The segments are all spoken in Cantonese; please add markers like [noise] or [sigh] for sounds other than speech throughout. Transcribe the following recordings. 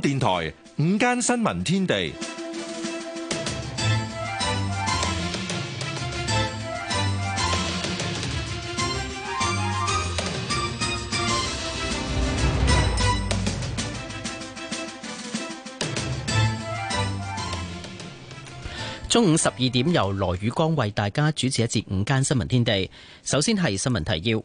電台午間新聞天地，中午十二點由羅宇光為大家主持一節午間新聞天地。首先係新聞提要：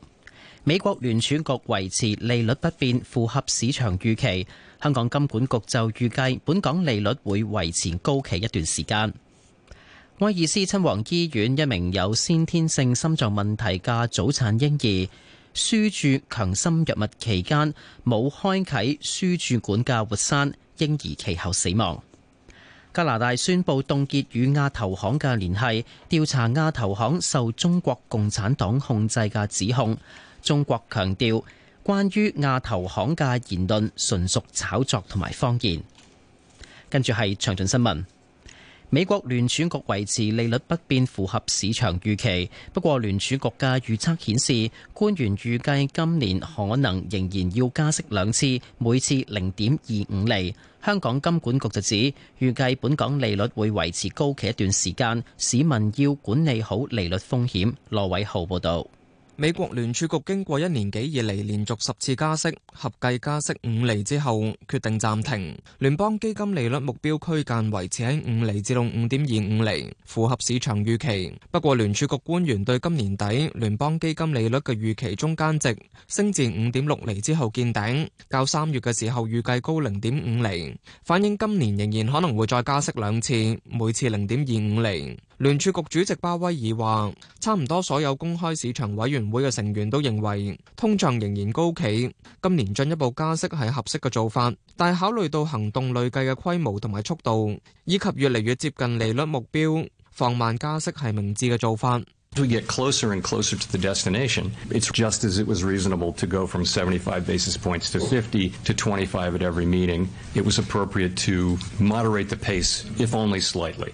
美國聯儲局維持利率不變，符合市場預期。香港金管局就預計本港利率會維持高企一段時間。威爾斯親王醫院一名有先天性心臟問題嘅早產嬰兒，輸注強心藥物期間冇開啓輸注管嘅活塞，嬰兒其後死亡。加拿大宣布凍結與亞投行嘅聯繫，調查亞投行受中國共產黨控制嘅指控。中國強調，關於亞投行嘅言論純屬炒作同埋謊言。跟住係詳盡新聞。美國聯儲局維持利率不變，符合市場預期。不過聯儲局嘅預測顯示，官員預計今年可能仍然要加息兩次，每次零點二五厘。香港金管局就指，預計本港利率會維持高企一段時間，市民要管理好利率風險。羅偉浩報道。美國聯儲局經過一年幾以嚟連續十次加息，合計加息五厘之後，決定暫停。聯邦基金利率目標區間維持喺五厘至到五點二五厘，符合市場預期。不過，聯儲局官員對今年底聯邦基金利率嘅預期中間值升至五點六厘之後見頂，較三月嘅時候預計高零點五厘，反映今年仍然可能會再加息兩次，每次零點二五厘。聯儲局主席巴威爾話，差唔多所有公開市場委員會嘅成員都認為，通脹仍然高企，今年進一步加息係合適嘅做法。但係考慮到行動累計嘅規模同埋速度，以及越嚟越接近利率目標，放慢加息係明智嘅做法。We get closer and closer to the destination, it's just as it was reasonable to go from 75 basis points to 50 to 25 at every meeting. It was appropriate to moderate the pace, if only slightly.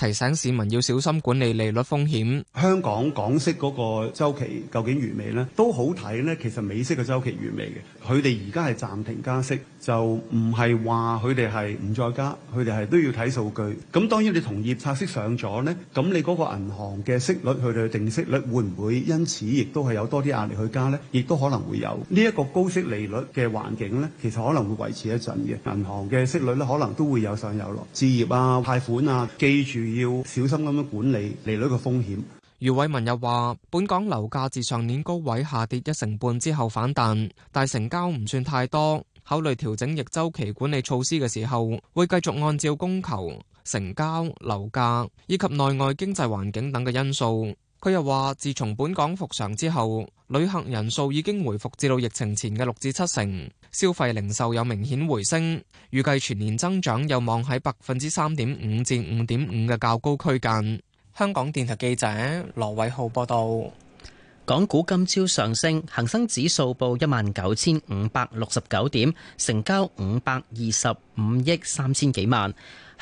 提醒市民要小心管理利率風險。香港港息嗰個週期究竟完未咧？都好睇咧。其實美息嘅周期完未嘅，佢哋而家係暫停加息，就唔係話，佢哋係唔再加，佢哋係都要睇數據。咁當然你同業拆息上咗咧，咁你嗰個銀行嘅息率，佢哋定息率會唔會因此亦都係有多啲壓力去加咧？亦都可能會有呢一個高息利率嘅環境咧，其實可能會維持一陣嘅銀行嘅息率咧，可能都會有上有落。置業啊，貸款啊，記住。要小心咁樣管理利率嘅風險。余偉文又話，本港樓價自上年高位下跌一成半之後反彈，但成交唔算太多。考慮調整逆週期管理措施嘅時候，會繼續按照供求、成交、樓價以及內外經濟環境等嘅因素。佢又話，自從本港復常之後，旅客人數已經回復至到疫情前嘅六至七成，消費零售有明顯回升，預計全年增長有望喺百分之三點五至五點五嘅較高區間。香港電台記者羅偉浩報道，港股今朝上升，恒生指數報一萬九千五百六十九點，成交五百二十五億三千幾萬。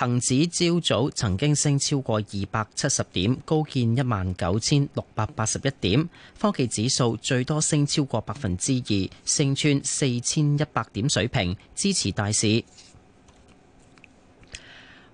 恒指朝早曾經升超過二百七十點，高見一萬九千六百八十一點。科技指數最多升超過百分之二，升穿四千一百點水平，支持大市。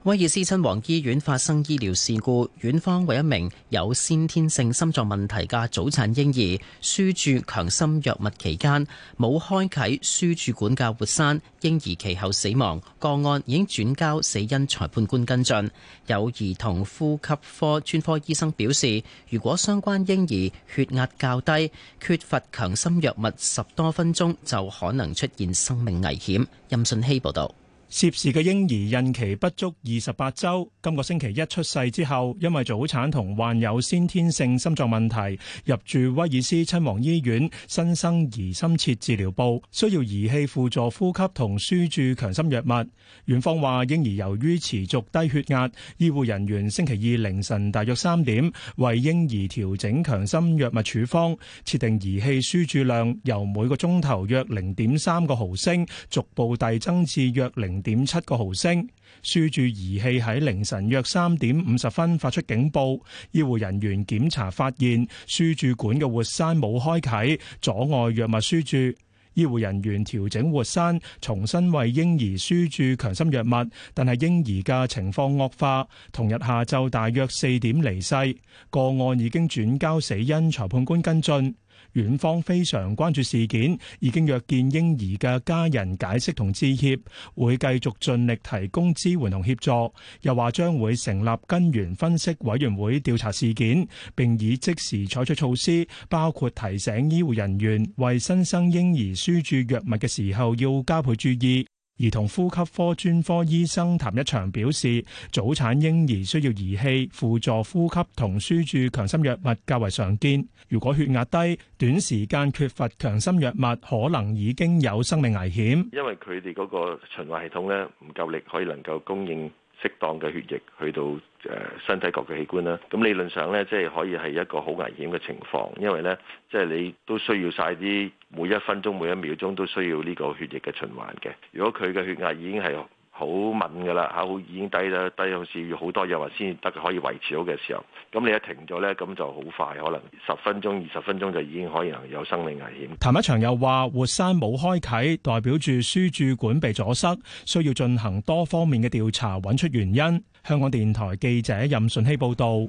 威爾斯親王醫院發生醫療事故，院方為一名有先天性心臟問題嘅早產嬰兒輸注強心藥物期間，冇開啟輸注管嘅活塞。嬰兒其後死亡。個案已經轉交死因裁判官跟進。有兒童呼吸科專科醫生表示，如果相關嬰兒血壓較低，缺乏強心藥物，十多分鐘就可能出現生命危險。任信希報道。涉事嘅嬰兒孕期不足二十八周，今個星期一出世之後，因為早產同患有先天性心臟問題，入住威爾斯親王醫院新生兒深切治療部，需要儀器輔助呼吸同輸注強心藥物。院方話嬰兒由於持續低血壓，醫護人員星期二凌晨大約三點為嬰兒調整強心藥物處方，設定儀器輸注量由每個鐘頭約零點三個毫升，逐步遞增至約零。零點七個毫升，輸注儀器喺凌晨約三點五十分發出警報，醫護人員檢查發現輸注管嘅活塞冇開啟，阻礙藥物輸注。醫護人員調整活塞，重新為嬰兒輸注強心藥物，但係嬰兒嘅情況惡化，同日下晝大約四點離世。個案已經轉交死因裁判官跟進。院方非常關注事件，已經約見嬰兒嘅家人解釋同致歉，會繼續盡力提供支援同協助。又話將會成立根源分析委員會調查事件，並已即時採取措施，包括提醒醫護人員為新生嬰兒輸注藥物嘅時候要加倍注意。兒童呼吸科專科醫生譚一祥表示，早產嬰兒需要儀器輔助呼吸同輸注強心藥物較為常見。如果血壓低，短時間缺乏強心藥物，可能已經有生命危險。因為佢哋嗰個循環系統呢唔夠力，可以能夠供應適當嘅血液去到。誒身體各個器官啦，咁理論上咧，即係可以係一個好危險嘅情況，因為咧，即係你都需要晒啲每一分鐘每一秒鐘都需要呢個血液嘅循環嘅。如果佢嘅血壓已經係，好敏感㗎喇，嚇，已經低咗，低到需要好多藥物，或先得可以維持到嘅時候。咁你一停咗呢，咁就好快，可能十分鐘、二十分鐘就已經可能有生命危險。譚一祥又話：活塞冇開啓，代表住輸注管被阻塞，需要進行多方面嘅調查，揾出原因。香港電台記者任順希報導。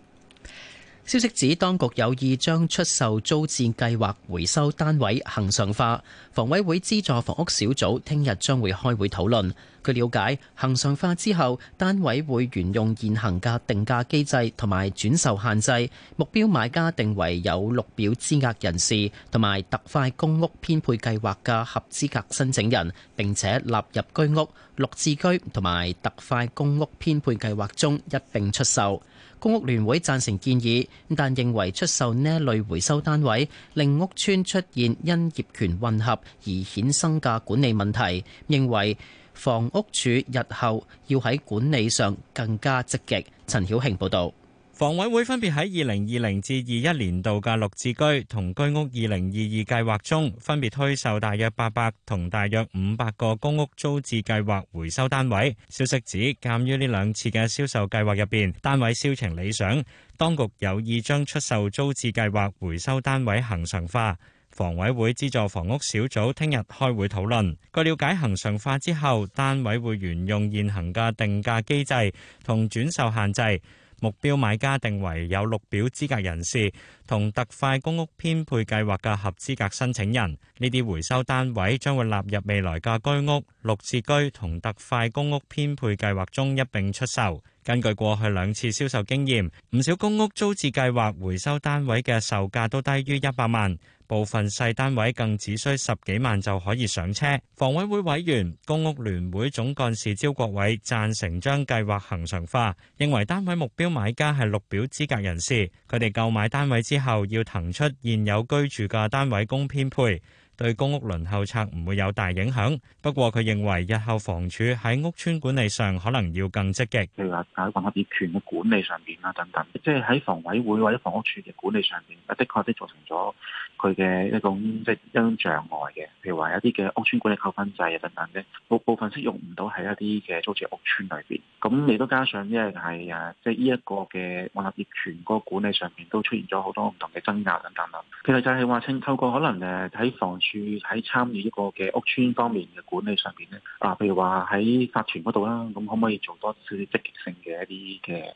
消息指，當局有意將出售租置計劃回收單位恒常化，房委會資助房屋小組聽日將會開會討論。據了解，恒常化之後，單位會沿用現行嘅定價機制同埋轉售限制，目標買家定為有綠表資格人士同埋特快公屋編配計劃嘅合資格申請人，並且納入居屋、綠置居同埋特快公屋編配計劃中一並出售。公屋聯會贊成建議，但認為出售呢一類回收單位，令屋邨出現因業權混合而衍生嘅管理問題，認為房屋署日後要喺管理上更加積極。陳曉慶報道。房委會分別喺二零二零至二一年度嘅綠置居同居屋二零二二計劃中，分別推售大約八百同大約五百個公屋租置計劃回收單位。消息指，鑒於呢兩次嘅銷售計劃入邊單位銷情理想，當局有意將出售租置計劃回收單位恆常化。房委會資助房屋小組聽日開會討論。據了解，恆常化之後，單位會沿用現行嘅定價機制同轉售限制。目標買家定為有綠表資格人士同特快公屋編配計劃嘅合資格申請人。呢啲回收單位將會納入未來嘅居屋、綠置居同特快公屋編配計劃中一併出售。根據過去兩次銷售經驗，唔少公屋租置計劃回收單位嘅售價都低於一百萬。部分細單位更只需十幾萬就可以上車。房委會委員、公屋聯會總幹事招國偉贊成將計劃恒常化，認為單位目標買家係綠表資格人士，佢哋購買單位之後要騰出現有居住嘅單位供編配。對公屋輪候冊唔會有大影響，不過佢認為日後房署喺屋邨管理上可能要更積極，譬如話喺混合業權嘅管理上邊啦等等，即係喺房委會或者房屋署嘅管理上邊，的確都造成咗佢嘅一種即係一種障礙嘅，譬如話有一啲嘅屋邨管理扣分制啊等等嘅，部部分適用唔到喺一啲嘅租住屋邨裏邊，咁你都加上咧係啊，即係呢一個嘅混合業權個管理上面都出現咗好多唔同嘅爭拗等等啦。其實就係話清透過可能誒喺房住喺參與一個嘅屋邨方面嘅管理上邊咧，啊，譬如話喺法團嗰度啦，咁可唔可以做多少啲積極性嘅一啲嘅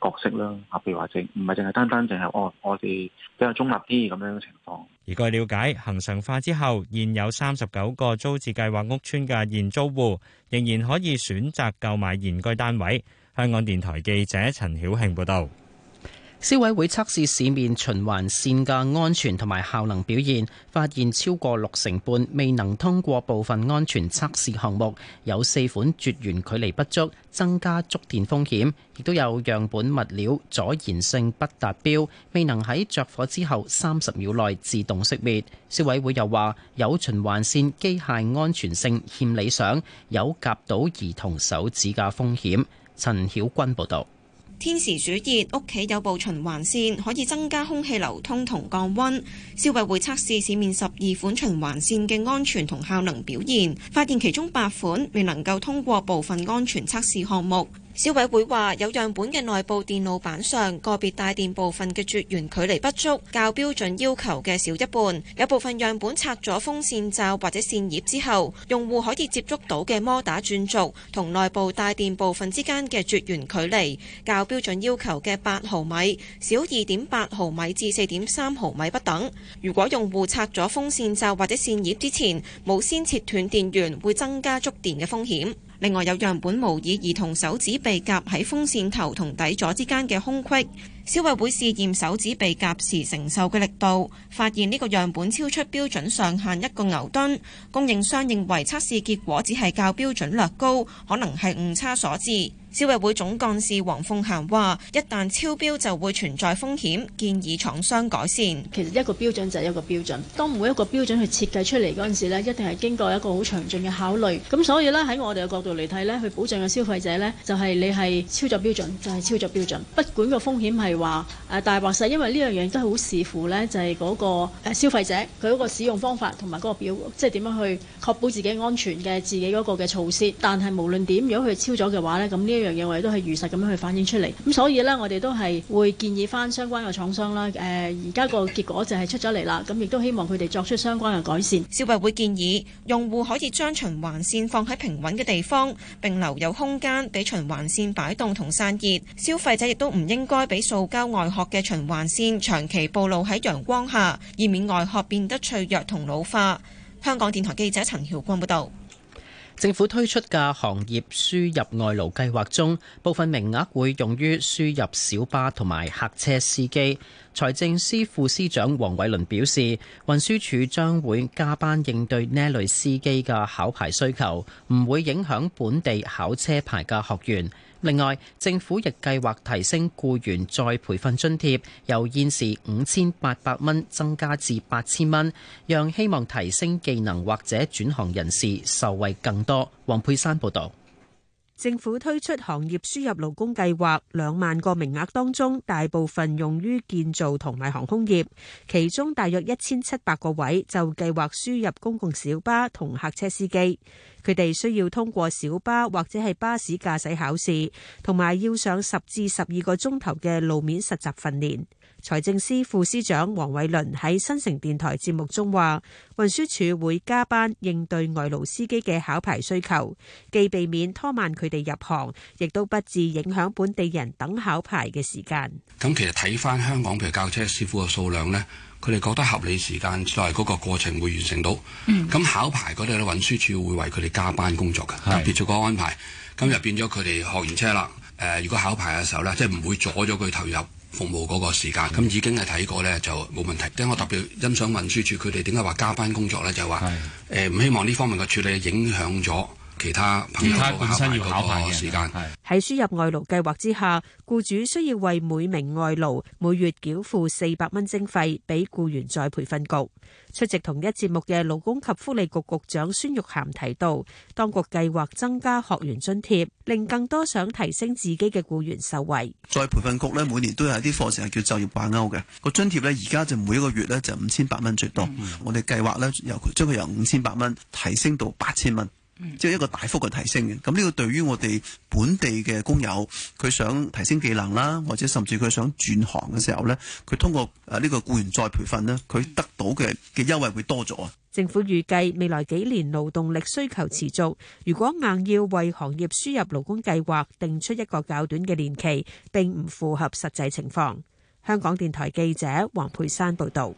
角色啦？啊，譬如話，即唔係淨係單單淨係我我哋比較中立啲咁樣嘅情況。而據了解，恒常化之後，現有三十九個租置計劃屋邨嘅現租戶仍然可以選擇購買現居單位。香港電台記者陳曉慶報導。消委會測試市面循環線嘅安全同埋效能表現，發現超過六成半未能通過部分安全測試項目，有四款絕緣距離不足，增加觸電風險，亦都有樣本物料阻燃性不達標，未能喺着火之後三十秒內自動熄滅。消委會又話，有循環線機械安全性欠理想，有夾到兒童手指嘅風險。陳曉君報道。天時暑熱，屋企有部循環扇可以增加空氣流通同降溫。消委會測試市面十二款循環扇嘅安全同效能表現，發現其中八款未能夠通過部分安全測試項目。消委會話有樣本嘅內部電路板上，個別帶電部分嘅絕緣距離不足，較標準要求嘅少一半。有部分樣本拆咗風扇罩或者扇葉之後，用戶可以接觸到嘅摩打轉軸同內部帶電部分之間嘅絕緣距離較標準要求嘅八毫米，少二點八毫米至四點三毫米不等。如果用戶拆咗風扇罩或者扇葉之前，冇先切斷電源，會增加觸電嘅風險。另外有樣本模擬兒童手指被夾喺風扇頭同底座之間嘅空隙。消委會試驗手指被夾時承受嘅力度，發現呢個樣本超出標準上限一個牛頓。供應商認為測試結果只係較標準略高，可能係誤差所致。消委會總幹事黃鳳嫻話：一旦超標就會存在風險，建議廠商改善。其實一個標準就係一個標準，當每一個標準去設計出嚟嗰陣時呢，一定係經過一個好詳盡嘅考慮。咁所以呢，喺我哋嘅角度嚟睇呢，去保障嘅消費者呢，就係、是、你係超咗標準就係、是、超咗標準，不管個風險係。話誒大話曬，因為呢樣嘢都係好視乎咧，就係嗰個誒消費者佢嗰個使用方法同埋嗰個表，即係點樣去確保自己安全嘅自己嗰個嘅措施。但係無論點，如果佢超咗嘅話咧，咁呢一樣嘢我哋都係如實咁樣去反映出嚟。咁所以咧，我哋都係會建議翻相關嘅廠商啦。誒而家個結果就係出咗嚟啦。咁亦都希望佢哋作出相關嘅改善。消委會建議用戶可以將循環線放喺平穩嘅地方，並留有空間俾循環線擺動同散熱，消費者亦都唔應該俾數。交外殼嘅循環線長期暴露喺陽光下，以免外殼變得脆弱同老化。香港電台記者陳曉君報道。政府推出嘅行業輸入外勞計劃中，部分名額會用於輸入小巴同埋客車司機。財政司副司長黃偉綸表示，運輸署將會加班應對呢類司機嘅考牌需求，唔會影響本地考車牌嘅學員。另外，政府亦計劃提升僱員再培訓津貼，由現時五千八百蚊增加至八千蚊，讓希望提升技能或者轉行人士受惠更多。黃佩珊報導。政府推出行業輸入勞工計劃，兩萬個名額當中，大部分用於建造同埋航空業，其中大約一千七百個位就計劃輸入公共小巴同客車司機，佢哋需要通過小巴或者係巴士駕駛考試，同埋要上十至十二個鐘頭嘅路面實習訓練。財政司副司長黃偉綸喺新城電台節目中話，運輸署會加班應對外勞司機嘅考牌需求，既避免拖慢佢哋入行，亦都不致影響本地人等考牌嘅時間。咁其實睇翻香港譬如教車師傅嘅數量呢，佢哋覺得合理時間喺嗰個過程會完成到。咁、嗯、考牌嗰度咧，運輸署會為佢哋加班工作嘅，特別做個安排。咁就變咗佢哋學完車啦，誒、呃，如果考牌嘅時候呢，即係唔會阻咗佢投入。服務嗰個時間，咁、嗯、已經係睇過咧，就冇問題。即係我特別欣賞運輸署，佢哋點解話加班工作咧，就係話誒唔希望呢方面嘅處理影響咗。其他其他本身要考牌嘅時間。喺輸入外勞計劃之下，僱主需要為每名外勞每月繳付四百蚊徵費俾僱員再培訓局。出席同一節目嘅勞工及福利局局長孫玉菡提到，當局計劃增加學員津貼，令更多想提升自己嘅僱員受惠。 [noise] 再培訓局呢，每年都有一啲課程係叫就業掛鈎嘅個津貼呢，而家就每一個月呢，就五千八蚊最多。我哋計劃呢，由將佢由五千八蚊提升到八千蚊。即係一個大幅嘅提升嘅，咁呢個對於我哋本地嘅工友，佢想提升技能啦，或者甚至佢想轉行嘅時候呢，佢通過誒呢個僱員再培訓呢，佢得到嘅嘅優惠會多咗啊！政府預計未來幾年勞動力需求持續，如果硬要為行業輸入勞工計劃定出一個較短嘅年期，並唔符合實際情況。香港電台記者黃佩珊報道。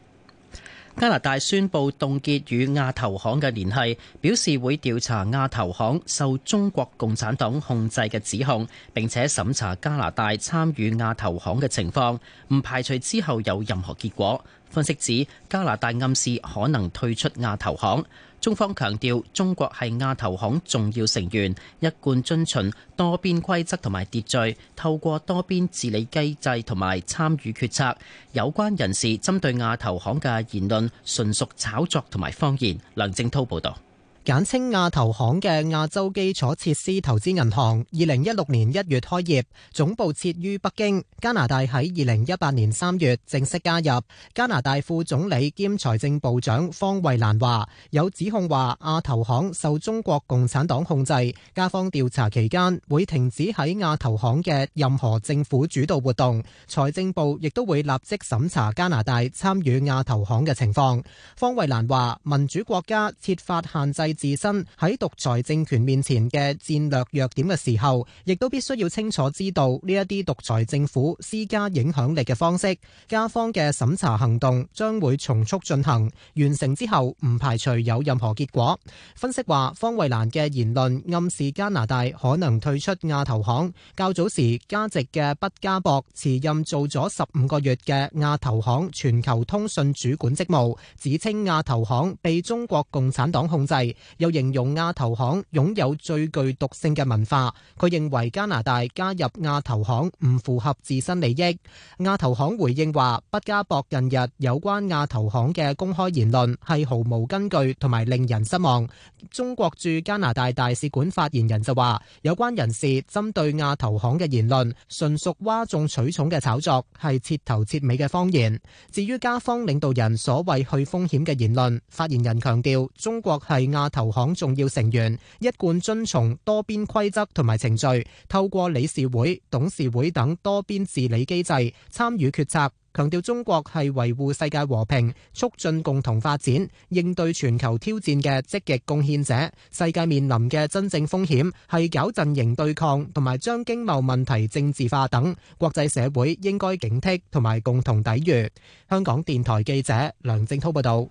加拿大宣布凍結與亞投行嘅聯繫，表示會調查亞投行受中國共產黨控制嘅指控，並且審查加拿大參與亞投行嘅情況，唔排除之後有任何結果。分析指加拿大暗示可能退出亞投行，中方強調中國係亞投行重要成員，一貫遵循多邊規則同埋秩序，透過多邊治理機制同埋參與決策。有關人士針對亞投行嘅言論純屬炒作同埋謊言。梁正濤報道。簡稱亞投行嘅亞洲基礎設施投資銀行，二零一六年一月開業，總部設於北京。加拿大喺二零一八年三月正式加入。加拿大副總理兼財政部長方慧蘭話：有指控話亞投行受中國共產黨控制，加方調查期間會停止喺亞投行嘅任何政府主導活動。財政部亦都會立即審查加拿大參與亞投行嘅情況。方慧蘭話：民主國家設法限制。自身喺獨裁政權面前嘅戰略弱點嘅時候，亦都必須要清楚知道呢一啲獨裁政府施加影響力嘅方式。加方嘅審查行動將會從速進行，完成之後唔排除有任何結果。分析話，方慧蘭嘅言論暗示加拿大可能退出亞投行。較早時，加籍嘅畢加博辭任做咗十五個月嘅亞投行全球通訊主管職務，指稱亞投行被中國共產黨控制。又形容亞投行擁有最具毒性嘅文化。佢認為加拿大加入亞投行唔符合自身利益。亞投行回應話：不加博近日有關亞投行嘅公開言論係毫無根據同埋令人失望。中國駐加拿大大使館發言人就話：有關人士針對亞投行嘅言論純屬嘩眾取寵嘅炒作，係徹頭徹尾嘅謊言。至於加方領導人所謂去風險嘅言論，發言人強調：中國係亞投行重要成員一貫遵從多邊規則同埋程序，透過理事會、董事會等多邊治理機制參與決策。強調中國係維護世界和平、促進共同發展、應對全球挑戰嘅積極貢獻者。世界面臨嘅真正風險係搞陣營對抗同埋將經貿問題政治化等，國際社會應該警惕同埋共同抵禦。香港電台記者梁正濤報道。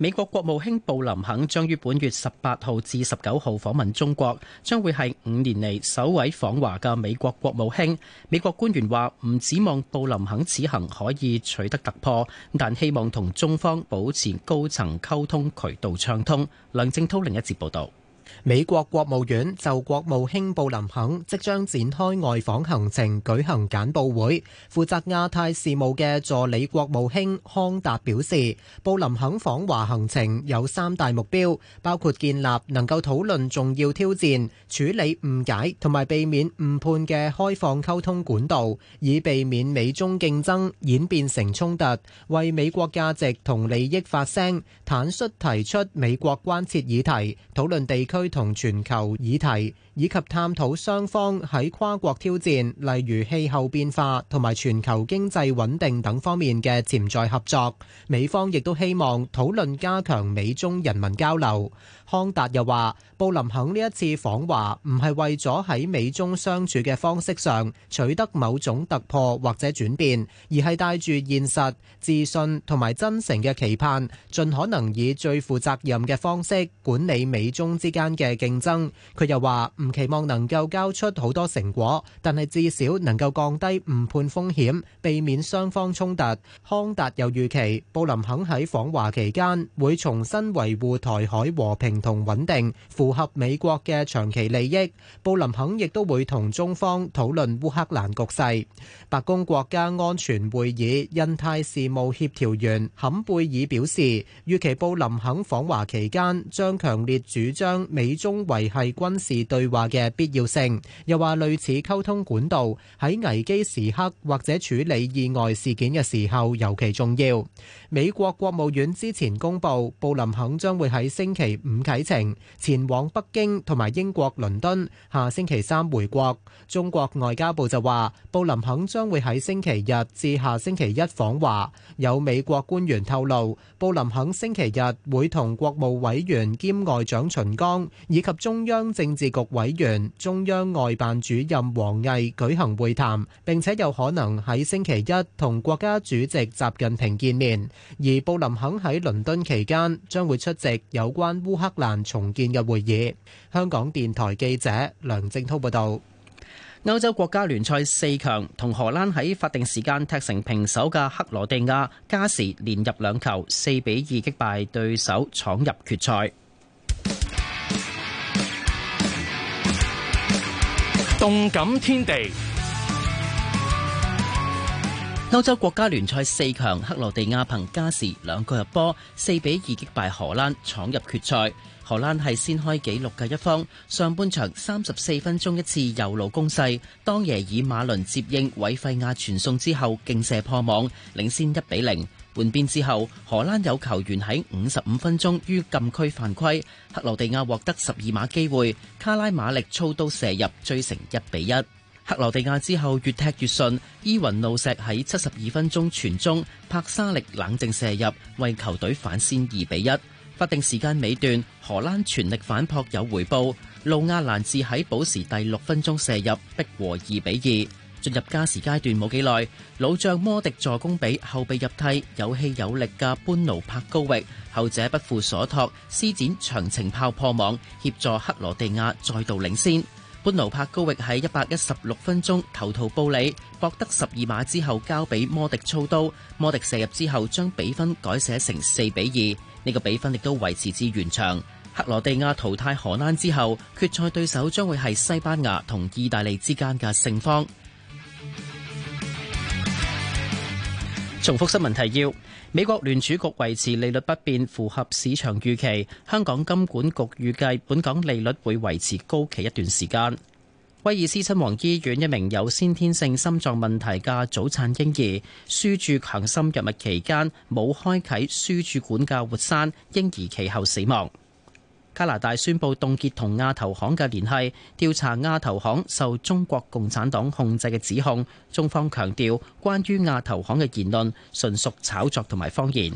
美國國務卿布林肯將於本月十八號至十九號訪問中國，將會係五年嚟，首位訪華嘅美國國務卿。美國官員話，唔指望布林肯此行可以取得突破，但希望同中方保持高層溝通渠道暢通。梁正濤另一節報道。美國國務院就國務卿布林肯即將展開外訪行程舉行簡報會，負責亞太事務嘅助理國務卿康達表示，布林肯訪華行程有三大目標，包括建立能夠討論重要挑戰，處理誤解同埋避免誤判嘅開放溝通管道，以避免美中競爭演變成衝突；為美國價值同利益發聲，坦率提出美國關切議題，討論地區同全球議題。以及探討雙方喺跨國挑戰，例如氣候變化同埋全球經濟穩定等方面嘅潛在合作。美方亦都希望討論加強美中人民交流。康達又話：布林肯呢一次訪華唔係為咗喺美中相處嘅方式上取得某種突破或者轉變，而係帶住現實、自信同埋真誠嘅期盼，盡可能以最負責任嘅方式管理美中之間嘅競爭。佢又話：唔期望能夠交出好多成果，但係至少能夠降低誤判風險，避免雙方衝突。康達又預期布林肯喺訪華期間會重新維護台海和平同穩定，符合美國嘅長期利益。布林肯亦都會同中方討論烏克蘭局勢。白宮國家安全會議印太事務協調員坎貝爾表示，預期布林肯訪華期間將強烈主張美中維繫軍事對話。話嘅必要性，又話類似溝通管道喺危機時刻或者處理意外事件嘅時候尤其重要。美國國務院之前公布，布林肯將會喺星期五啟程前往北京同埋英國倫敦，下星期三回國。中國外交部就話，布林肯將會喺星期日至下星期一訪華。有美國官員透露，布林肯星期日會同國務委員兼外長秦剛以及中央政治局委員、中央外辦主任王毅舉行會談，並且有可能喺星期一同國家主席習近平見面。而布林肯喺倫敦期間將會出席有關烏克蘭重建嘅會議。香港電台記者梁正滔報道：歐洲國家聯賽四強同荷蘭喺法定時間踢成平手嘅克羅地亞加時連入兩球，四比二擊敗對手，闖入決賽。動感天地。歐洲國家聯賽四強克羅地亞憑加時兩個入波，四比二擊敗荷蘭闖入決賽。荷蘭係先開紀錄嘅一方，上半場三十四分鐘一次右路攻勢，當耶爾馬倫接應韋費亞傳送之後勁射破網，領先一比零。換邊之後，荷蘭有球員喺五十五分鐘於禁區犯規，克羅地亞獲得十二碼機會，卡拉馬力操刀射入追成一比一。克羅地亞之後越踢越順，伊雲路石喺七十二分鐘傳中，帕沙力冷靜射入為球隊反先二比一。法定時間尾段，荷蘭全力反撲有回報，路亞蘭治喺補時第六分鐘射入逼和二比二。進入加時階段冇幾耐，老將摩迪助攻，比後備入替有氣有力嘅般奴柏高域，後者不負所託，施展長程炮破網，協助克羅地亞再度領先。般奴柏高域喺一百一十六分鐘投桃報李，博得十二碼之後交俾摩迪操刀，摩迪射入之後將比分改寫成四比二。呢個比分亦都維持至完場。克羅地亞淘汰荷蘭之後，決賽對手將會係西班牙同意大利之間嘅勝方。重複新聞提要：美國聯儲局維持利率不變，符合市場預期。香港金管局預計本港利率會維持高企一段時間。威爾斯親王醫院一名有先天性心臟問題嘅早產嬰兒，輸注強心藥物期間冇開啟輸注管嘅活塞，嬰兒其後死亡。加拿大宣布凍結同亞投行嘅聯繫，調查亞投行受中國共產黨控制嘅指控。中方強調，關於亞投行嘅言論純屬炒作同埋謊言。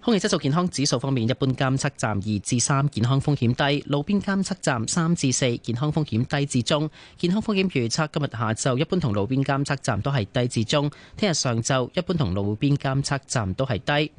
空氣質素健康指數方面，一般監測站二至三，健康風險低；路邊監測站三至四，健康風險低至中。健康風險預測今日下晝一般同路邊監測站都係低至中，聽日上晝一般同路邊監測站都係低。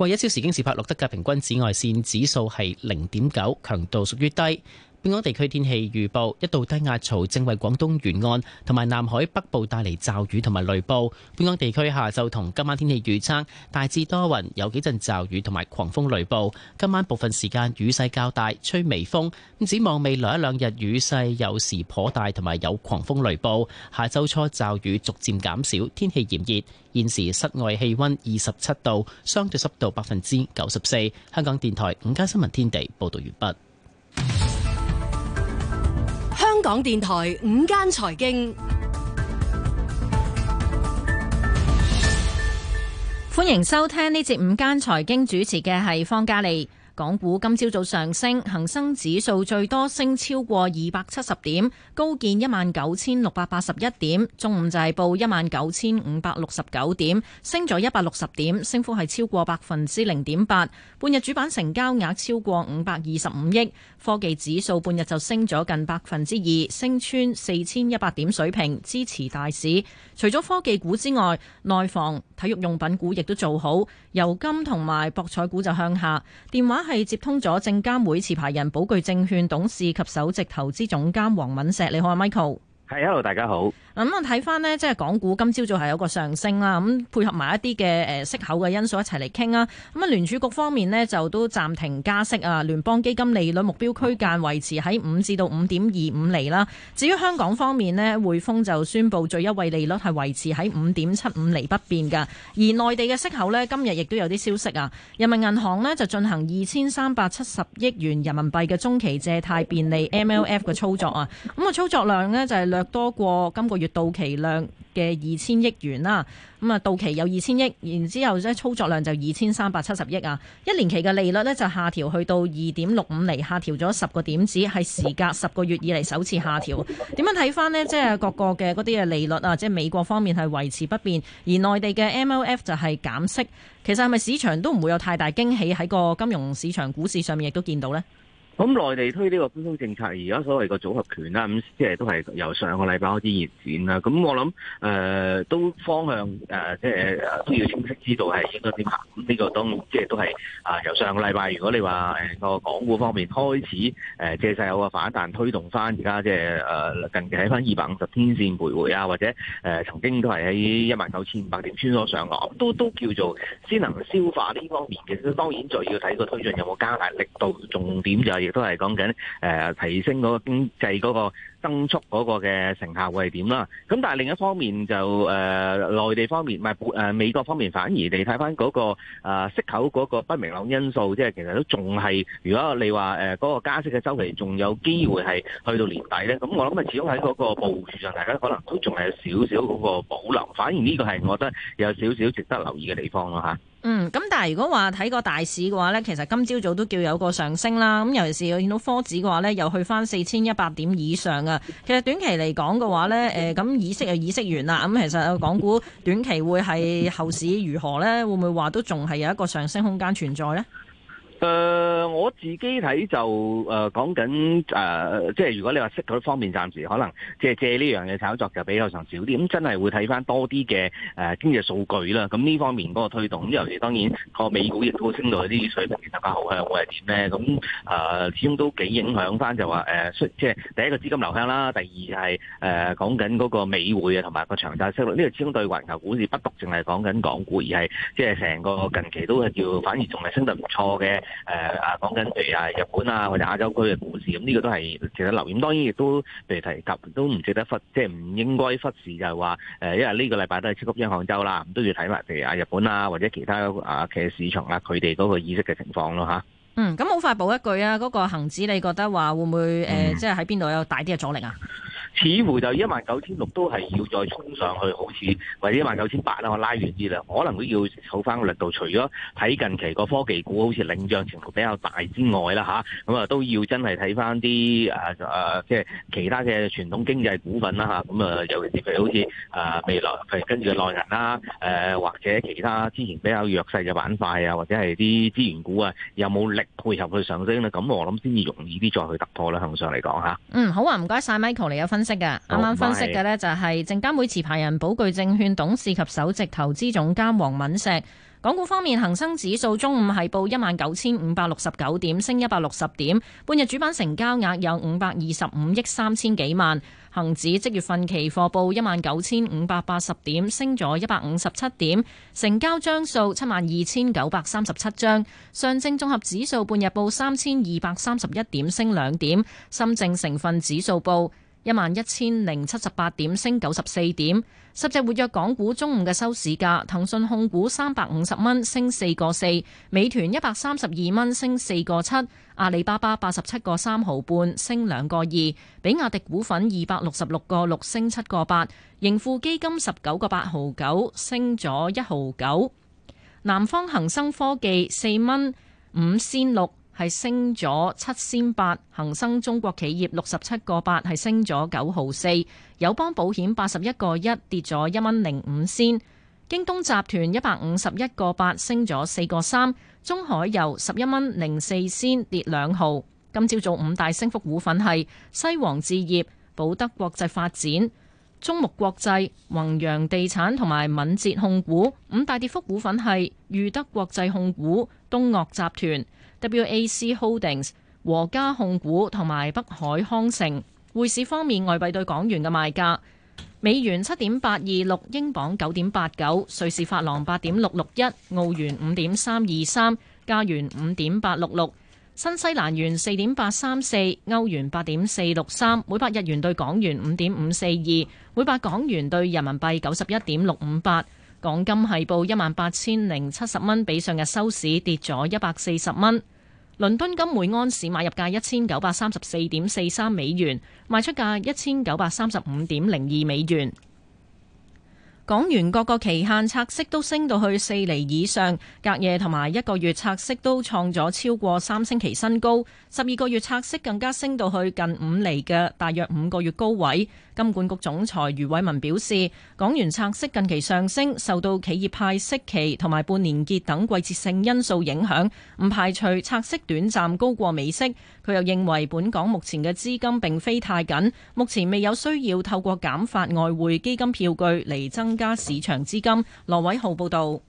過一小時，京士柏錄得嘅平均紫外線指數係零點九，強度屬於低。本港地區天氣預報：一道低壓槽正為廣東沿岸同埋南海北部帶嚟驟雨同埋雷暴。本港地區下晝同今晚天氣預測大致多雲，有幾陣驟雨同埋狂風雷暴。今晚部分時間雨勢較大，吹微風。咁展望未來一兩日雨勢有時頗大，同埋有狂風雷暴。下週初驟雨逐漸減少，天氣炎熱。現時室外氣溫二十七度，相對濕度百分之九十四。香港電台午間新聞天地報道完畢。香港電台午間財經。歡迎收聽呢節午間財經，主持嘅係方嘉莉。港股今朝早上升，恒生指數最多升超過二百七十點，高見一萬九千六百八十一點。中午就係報一萬九千五百六十九點，升咗一百六十點，升幅係超過百分之零點八。半日主板成交額超過五百二十五億。科技指數半日就升咗近百分之二，升穿四千一百點水平，支持大市。除咗科技股之外，內房、體育用品股亦都做好，油金同埋博彩股就向下。電話。係接通咗證監會持牌人寶具證券董事及首席投資總監黃敏石，你好，Michael。係，hello，大家好。咁啊，睇翻呢，即係港股今朝早係有個上升啦，咁配合埋一啲嘅誒息口嘅因素一齊嚟傾啦。咁啊，聯儲局方面呢，就都暫停加息啊，聯邦基金利率目標區間維持喺五至到五點二五厘啦。至於香港方面呢，匯豐就宣布最優惠利率係維持喺五點七五厘不變㗎。而內地嘅息口呢，今日亦都有啲消息啊，人民銀行呢，就進行二千三百七十億元人民幣嘅中期借貸便利 M L F 嘅操作啊，咁啊，操作量呢，就係略多過今個月。到期量嘅二千億元啦，咁啊，到期有二千億，然之後咧操作量就二千三百七十億啊，一年期嘅利率咧就下調去到二點六五厘，下調咗十個點子，係時隔十個月以嚟首次下調。點樣睇翻呢？即係各個嘅嗰啲啊利率啊，即係美國方面係維持不變，而內地嘅 MLF 就係減息。其實係咪市場都唔會有太大驚喜喺個金融市場、股市上面亦都見到呢？咁、嗯、內地推呢個寬鬆政策，而家所謂個組合拳啦，咁、嗯、即係都係由上個禮拜開始熱展啦。咁、嗯、我諗誒、呃、都方向誒、呃，即係都要清晰知道係應該點行。咁、這、呢個當即係都係啊、呃，由上個禮拜，如果你話誒個港股方面開始誒，借勢、呃、係有個反彈推動翻而家即係誒近期喺翻二百五十天線徘徊啊，或者誒、呃、曾經都係喺一萬九千五百點穿梭上岸，都都叫做先能消化呢方面嘅。當然就要睇個推進有冇加大力度，重點就係、是。都係講緊誒，提升嗰個經濟嗰個。增速嗰個嘅成效會係點啦？咁但係另一方面就誒、呃、內地方面，唔係誒美國方面，反而你睇翻嗰個、呃、息口嗰個不明朗因素，即係其實都仲係，如果你話誒嗰個加息嘅周期仲有機會係去到年底咧，咁我諗啊，始終喺嗰個部署上，大家可能都仲係有少少嗰個保留。反而呢個係我覺得有少少值得留意嘅地方咯吓。嗯，咁但係如果話睇個大市嘅話咧，其實今朝早都叫有個上升啦。咁尤其是我見到科指嘅話咧，又去翻四千一百點以上。其實短期嚟講嘅話呢，誒、呃，咁意識就意識完啦，咁其實港股短期會係後市如何呢？會唔會話都仲係有一個上升空間存在呢？誒、呃、我自己睇就誒講緊誒，即、呃、係、就是呃就是、如果你話息口方面，暫時可能借借呢樣嘢炒作就比較上少啲。咁真係會睇翻多啲嘅誒經濟數據啦。咁、嗯、呢方面嗰個推動，因其當然個美股亦都升到啲水平，而大家好向會係點咧？咁、嗯、誒、呃，始終都幾影響翻就話誒，即、呃、係第一個資金流向啦，第二係誒講緊嗰個美匯啊，同埋個長債息率。呢個始終對環球股市不獨淨係講緊港股，而係即係成個近期都係叫反而仲係升得唔錯嘅。誒啊！講緊譬如啊，日本啊，或者亞洲區嘅故事，咁呢個都係其實留言當然亦都譬如提，都唔值得忽，即係唔應該忽視，就係話誒，因為呢個禮拜都係超擊於杭州啦，咁都要睇埋譬如啊，日本啊，或者其他啊嘅市場啊，佢哋嗰個意識嘅情況咯吓，嗯，咁好快報一句啊，嗰、那個恆指，你覺得話會唔會誒、呃，即係喺邊度有大啲嘅阻力啊？似乎就一萬九千六都係要再衝上去，好似或者一萬九千八啦，我拉遠啲啦，可能都要儲翻個力度。除咗睇近期個科技股好似領漲程度比較大之外啦，吓咁啊都要真係睇翻啲誒誒，即、啊、係、啊、其他嘅傳統經濟股份啦，吓咁啊，尤其是譬如好似誒未來，譬如跟住內銀啦，誒、啊、或者其他之前比較弱勢嘅板塊啊，或者係啲資源股啊，有冇力配合佢上升咧？咁、啊、我諗先至容易啲再去突破啦，向上嚟講吓嗯，好啊，唔該晒 Michael，你有分析。啱啱分析嘅呢就係證監會持牌人寶具證券董事及首席投資總監黃敏石。港股方面，恒生指數中午係報一萬九千五百六十九點，升一百六十點。半日主板成交額有五百二十五億三千幾萬。恒指即月份期貨報一萬九千五百八十點，升咗一百五十七點，成交張數七萬二千九百三十七張。上證綜合指數半日報三千二百三十一點，升兩點。深證成分指數報。一萬一千零七十八點升九十四點，十隻活躍港股中午嘅收市價，騰訊控股三百五十蚊升四個四，美團一百三十二蚊升四個七，阿里巴巴八十七個三毫半升兩個二，比亞迪股份二百六十六個六升七個八，盈富基金十九個八毫九升咗一毫九，南方恒生科技四蚊五仙六。係升咗七仙八，恒生中國企業六十七個八，係升咗九毫四。友邦保險八十一個一跌咗一蚊零五仙，京東集團一百五十一個八升咗四個三，中海油十一蚊零四仙跌兩毫。今朝早五大升幅股份係西王置業、保德國際發展、中牧國際、宏洋地產同埋敏捷控股。五大跌幅股份係裕德國際控股、東嶽集團。WAC Holdings 和家控股同埋北海康城。匯市方面，外幣對港元嘅賣價：美元七點八二六，英鎊九點八九，瑞士法郎八點六六一，澳元五點三二三，加元五點八六六，新西蘭元四點八三四，歐元八點四六三，每百日元對港元五點五四二，每百港元對人民幣九十一點六五八。港金係報一萬八千零七十蚊，比上日收市跌咗一百四十蚊。倫敦金每安士買入價一千九百三十四點四三美元，賣出價一千九百三十五點零二美元。港元各個期限拆息都升到去四厘以上，隔夜同埋一個月拆息都創咗超過三星期新高，十二個月拆息更加升到去近五厘嘅大約五個月高位。金管局總裁余偉文表示，港元拆息近期上升，受到企業派息期同埋半年結等季節性因素影響，唔排除拆息短暫高過美息。佢又認為，本港目前嘅資金並非太緊，目前未有需要透過減發外匯基金票據嚟增加市場資金。羅偉豪報道，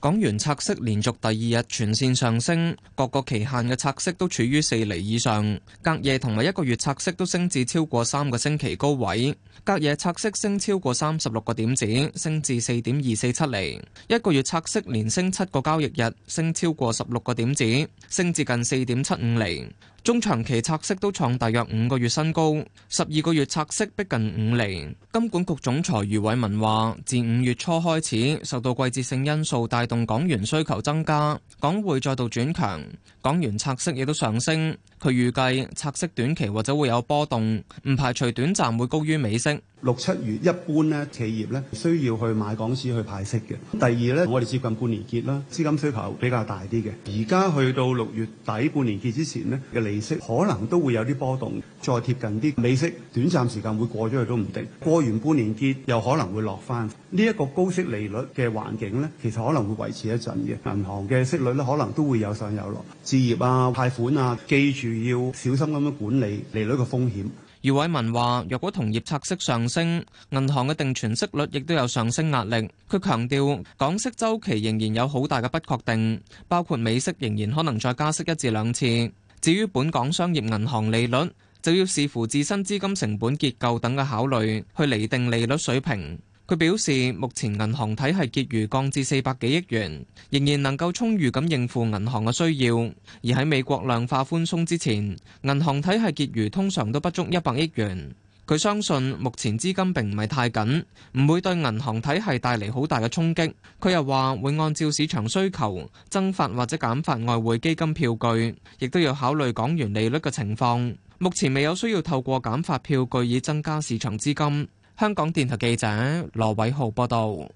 港元拆息連續第二日全線上升，各個期限嘅拆息都處於四厘以上。隔夜同埋一個月拆息都升至超過三個星期高位。隔夜拆息升超過三十六個點子，升至四點二四七厘；一個月拆息連升七個交易日，升超過十六個點子，升至近四點七五厘。中長期拆息都創大約五個月新高，十二個月拆息逼近五厘。金管局總裁余偉文話，自五月初開始，受到季節性因素帶動港元需求增加，港匯再度轉強。港元拆息亦都上升，佢預計拆息短期或者會有波動，唔排除短暫會高於美息。六七月一般呢企業咧需要去買港紙去派息嘅。第二咧，我哋接近半年結啦，資金需求比較大啲嘅。而家去到六月底半年結之前咧嘅利息，可能都會有啲波動，再貼近啲美息，短暫時間會過咗去都唔定。過完半年結又可能會落翻。呢、這、一個高息利率嘅環境咧，其實可能會維持一陣嘅。銀行嘅息率咧，可能都會有上有落。事業啊，貸款啊，記住要小心咁樣管理利率嘅風險。余偉文話：若果同業拆息上升，銀行嘅定存息率亦都有上升壓力。佢強調，港息周期仍然有好大嘅不確定，包括美息仍然可能再加息一至兩次。至於本港商業銀行利率，就要視乎自身資金成本結構等嘅考慮去厘定利率水平。佢表示，目前銀行體系結餘降至四百幾億元，仍然能夠充裕咁應付銀行嘅需要。而喺美國量化寬鬆之前，銀行體系結餘通常都不足一百億元。佢相信目前資金並唔係太緊，唔會對銀行體系帶嚟好大嘅衝擊。佢又話會按照市場需求增發或者減發外匯基金票據，亦都要考慮港元利率嘅情況。目前未有需要透過減發票據以增加市場資金。香港電台記者羅偉浩報道。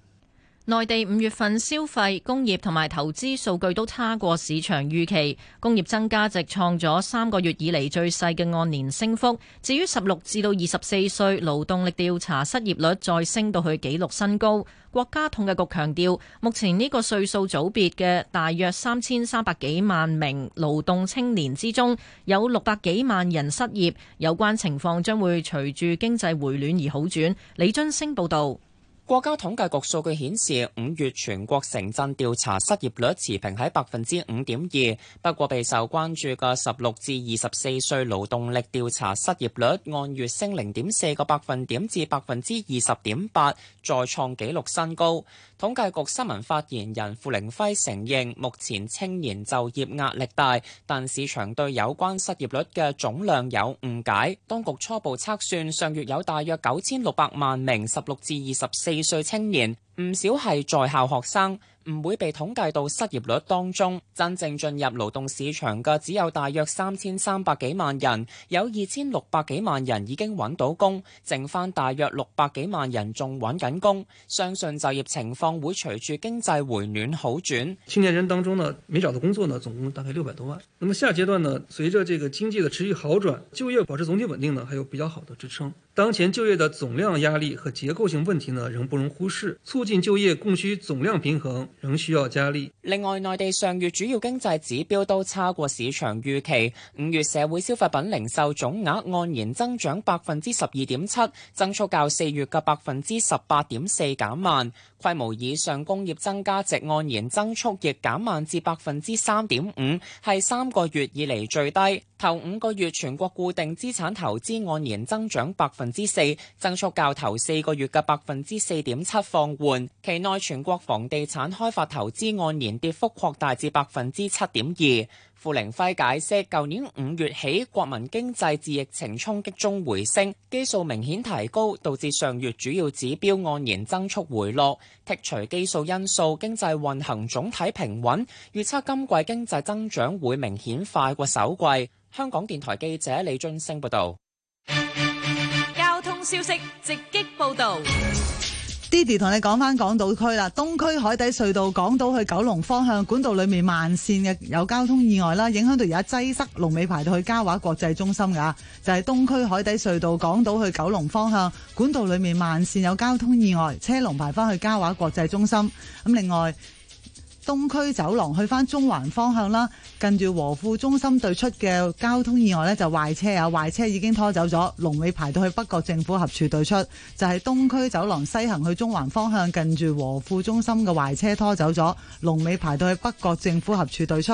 內地五月份消費、工業同埋投資數據都差過市場預期，工業增加值創咗三個月以嚟最細嘅按年升幅。至於十六至到二十四歲勞動力調查失業率再升到去紀錄新高。國家統計局強調，目前呢個歲數組別嘅大約三千三百幾萬名勞動青年之中，有六百幾萬人失業。有關情況將會隨住經濟回暖而好轉。李津星報導。國家統計局數據顯示，五月全國城鎮調查失業率持平喺百分之五點二。不過，備受關注嘅十六至二十四歲勞動力調查失業率按月升零點四個百分點至百分之二十點八，再創紀錄新高。統計局新聞發言人付凌暉承認，目前青年就業壓力大，但市場對有關失業率嘅總量有誤解。當局初步測算，上月有大約九千六百萬名十六至二十四40歲青年。唔少係在校學生，唔會被統計到失業率當中。真正進入勞動市場嘅只有大約三千三百幾萬人，有二千六百幾萬人已經揾到工，剩翻大約六百幾萬人仲揾緊工。相信就業情況會隨住經濟回暖好轉。青年人當中呢，沒找到工作呢，總共大概六百多萬。那麼下階段呢，隨着這個經濟的持續好轉，就業保持總體穩定呢，還有比較好的支撐。當前就業的總量壓力和結構性問題呢，仍不容忽視。促就業供需總量平衡仍需要加力。另外，內地上月主要經濟指標都差過市場預期，五月社會消費品零售總額按年增長百分之十二點七，增速較四月嘅百分之十八點四減慢。規模以上工業增加值按年增速亦減慢至百分之三點五，係三個月以嚟最低。頭五個月全國固定資產投資按年增長百分之四，增速較頭四個月嘅百分之四點七放緩。期內全國房地產開發投資按年跌幅擴大至百分之七點二。傅凌輝解釋，舊年五月起，國民經濟自疫情衝擊中回升，基數明顯提高，導致上月主要指標按年增速回落。剔除基數因素，經濟運行總體平穩。預測今季經濟增長會明顯快過首季。香港電台記者李俊升報道。交通消息直擊報道。Didi 同你講翻港島區啦，東區海底隧道港島去九龍方向管道裏面慢綫嘅有交通意外啦，影響到而家擠塞，龍尾排到去嘉華國際中心噶，就係、是、東區海底隧道港島去九龍方向管道裏面慢綫有交通意外，車龍排翻去嘉華國際中心，咁另外。東區走廊去翻中環方向啦，近住和富中心對出嘅交通意外呢，就壞車啊，壞車已經拖走咗，龍尾排到去北角政府合署對出，就係、是、東區走廊西行去中環方向，近住和富中心嘅壞車拖走咗，龍尾排到去北角政府合署對出。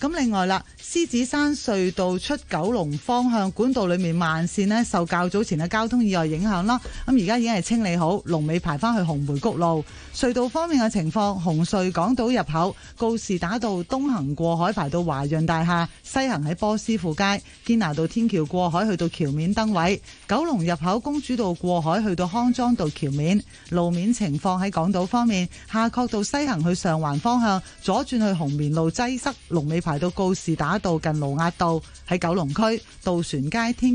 咁另外啦，獅子山隧道出九龍方向管道裏面慢線呢，受較早前嘅交通意外影響啦，咁而家已經係清理好，龍尾排翻去紅梅谷路。隧道方面嘅情況，紅隧港島入口。告士打道東行過海排到華潤大廈，西行喺波斯富街堅拿道天橋過海去到橋面燈位；九龍入口公主道過海去到康莊道橋面，路面情況喺港島方面，夏愨道西行去上環方向左轉去紅棉路擠塞，龍尾排到告士打道近盧押道，喺九龍區渡船街天。